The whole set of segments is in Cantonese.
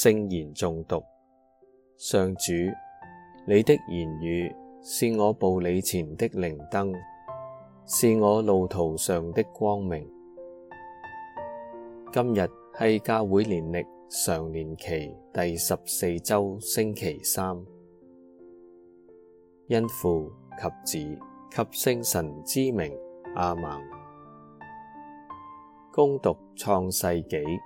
聖言誦讀。上主，你的言語是我步履前的靈燈，是我路途上的光明。今日係教會年曆常年期第十四周星期三，因父及子及聖神之名，阿們，恭讀創世紀。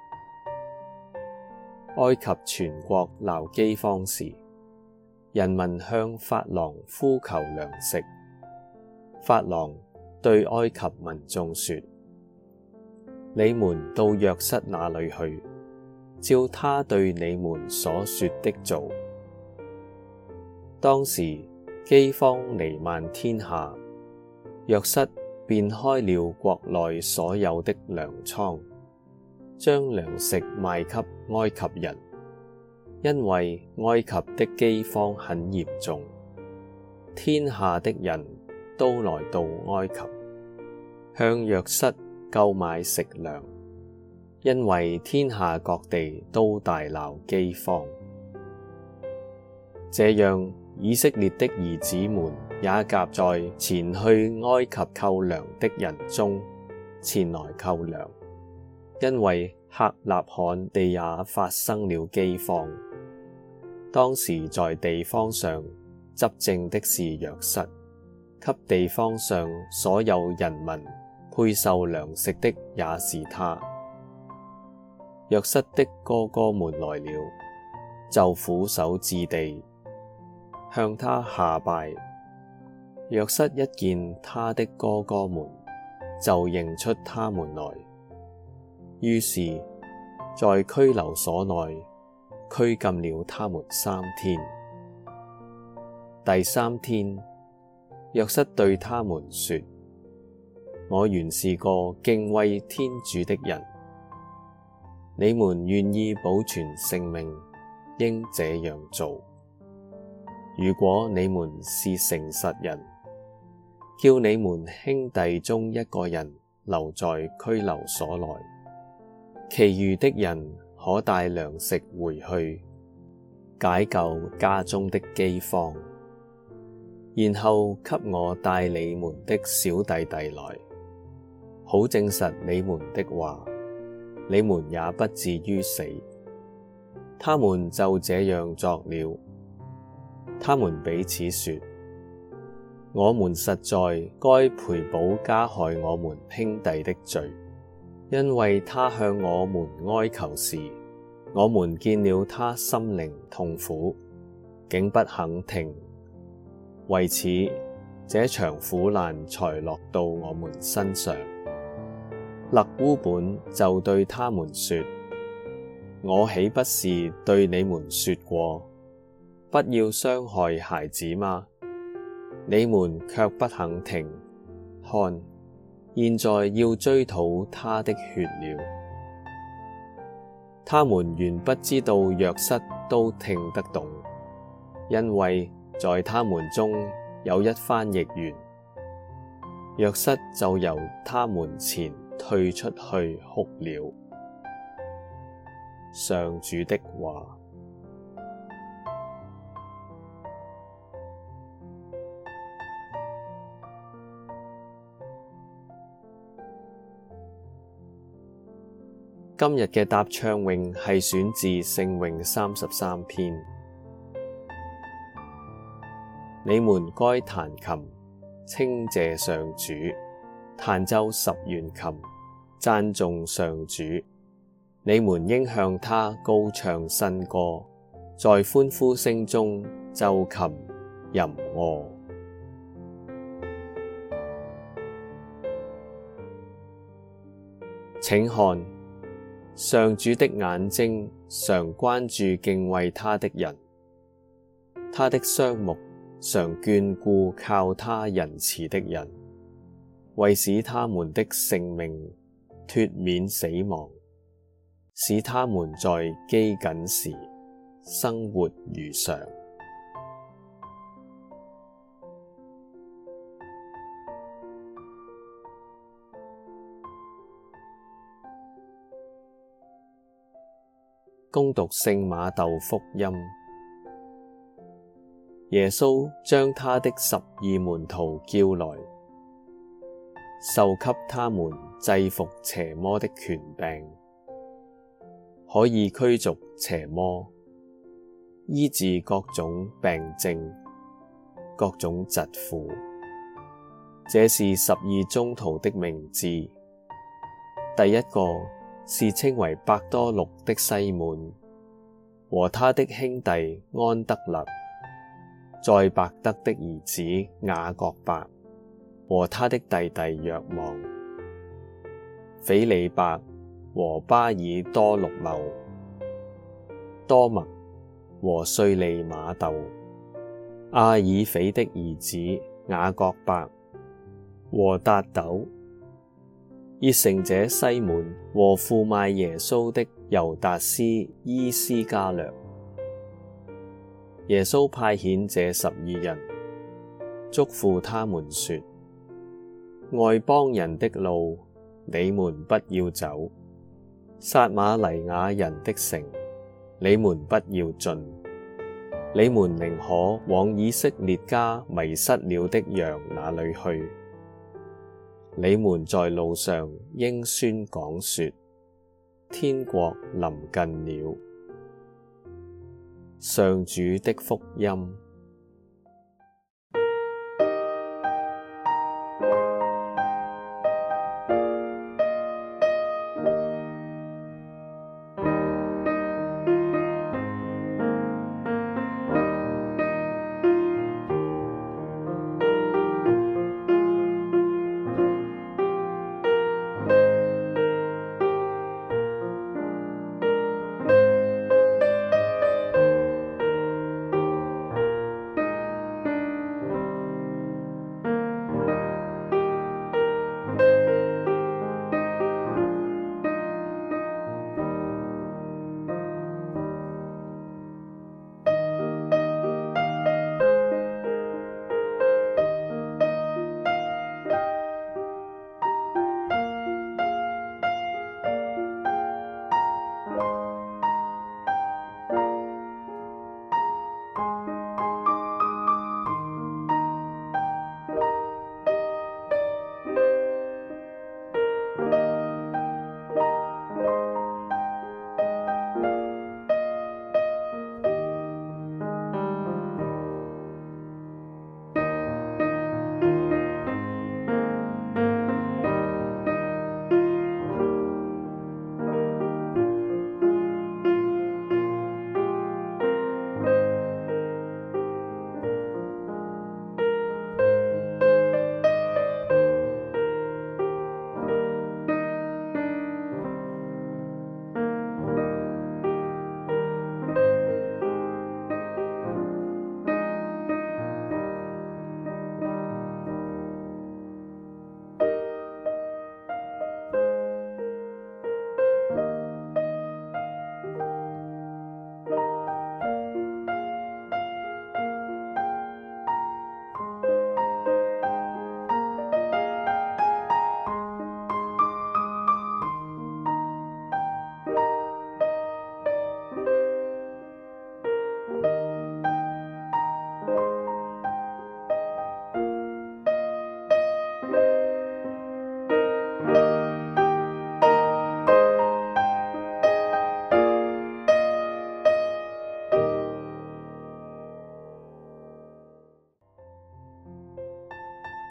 埃及全國鬧饑荒時，人民向法郎呼求糧食。法郎對埃及民眾說：你們到若瑟那裏去，照他對你們所說的做。當時饑荒彌漫天下，若瑟便開了國內所有的糧倉。將糧食賣給埃及人，因為埃及的饑荒很嚴重。天下的人都來到埃及，向若瑟購買食糧，因為天下各地都大鬧饑荒。這樣，以色列的兒子們也夾在前去埃及購糧的人中，前來購糧。因為客納罕地也發生了饑荒，當時在地方上執政的是若瑟，給地方上所有人民配售糧食的也是他。若瑟的哥哥們來了，就俯首至地，向他下拜。若瑟一見他的哥哥們，就認出他們來。於是，在拘留所內拘禁了他們三天。第三天，若瑟對他們說：我原是個敬畏天主的人，你們願意保存性命，應這樣做。如果你們是誠實人，叫你們兄弟中一個人留在拘留所內。其餘的人可帶糧食回去解救家中的飢荒，然後給我帶你們的小弟弟來，好證實你們的話。你們也不致於死。他們就這樣作了。他們彼此說：我們實在該賠補加害我們兄弟的罪。因為他向我們哀求時，我們見了他心靈痛苦，竟不肯聽，為此這場苦難才落到我們身上。勒烏本就對他們說：我豈不是對你們說過，不要傷害孩子嗎？你們卻不肯聽，看。現在要追討他的血了。他們原不知道若瑟都聽得懂，因為在他們中有一翻譯員，若瑟就由他們前退出去哭了。上主的話。今日嘅答唱詠係選自聖詠三十三篇。你們該彈琴，稱謝上主，彈奏十弦琴，讚頌上主。你們應向他高唱新歌，在歡呼聲中奏琴吟哦。請看。上主的眼睛常關注敬畏他的人，他的雙目常眷顧靠他仁慈的人，為使他們的性命，脱免死亡，使他們在饑饉時，生活如常。恭讀聖馬竇福音，耶穌將他的十二門徒叫來，授給他們制伏邪魔的權柄，可以驅逐邪魔，醫治各種病症、各種疾苦。這是十二宗徒的名字。第一個是稱為伯多祿的西滿和他的兄弟安德肋，載伯德的兒子雅各伯和他的弟弟若望，斐理伯和巴爾多祿茂，多默和稅吏瑪竇，阿耳斐的兒子雅各伯和達陡。熱誠者西滿和負賣耶穌的猶達斯依斯加略，耶穌派遣這十二人，囑咐他們說：外邦人的路，你們不要走；撒瑪黎雅人的城，你們不要進；你們寧可往以色列家迷失了的羊那裏去。你們在路上應宣講說，天國臨近了。上主的福音。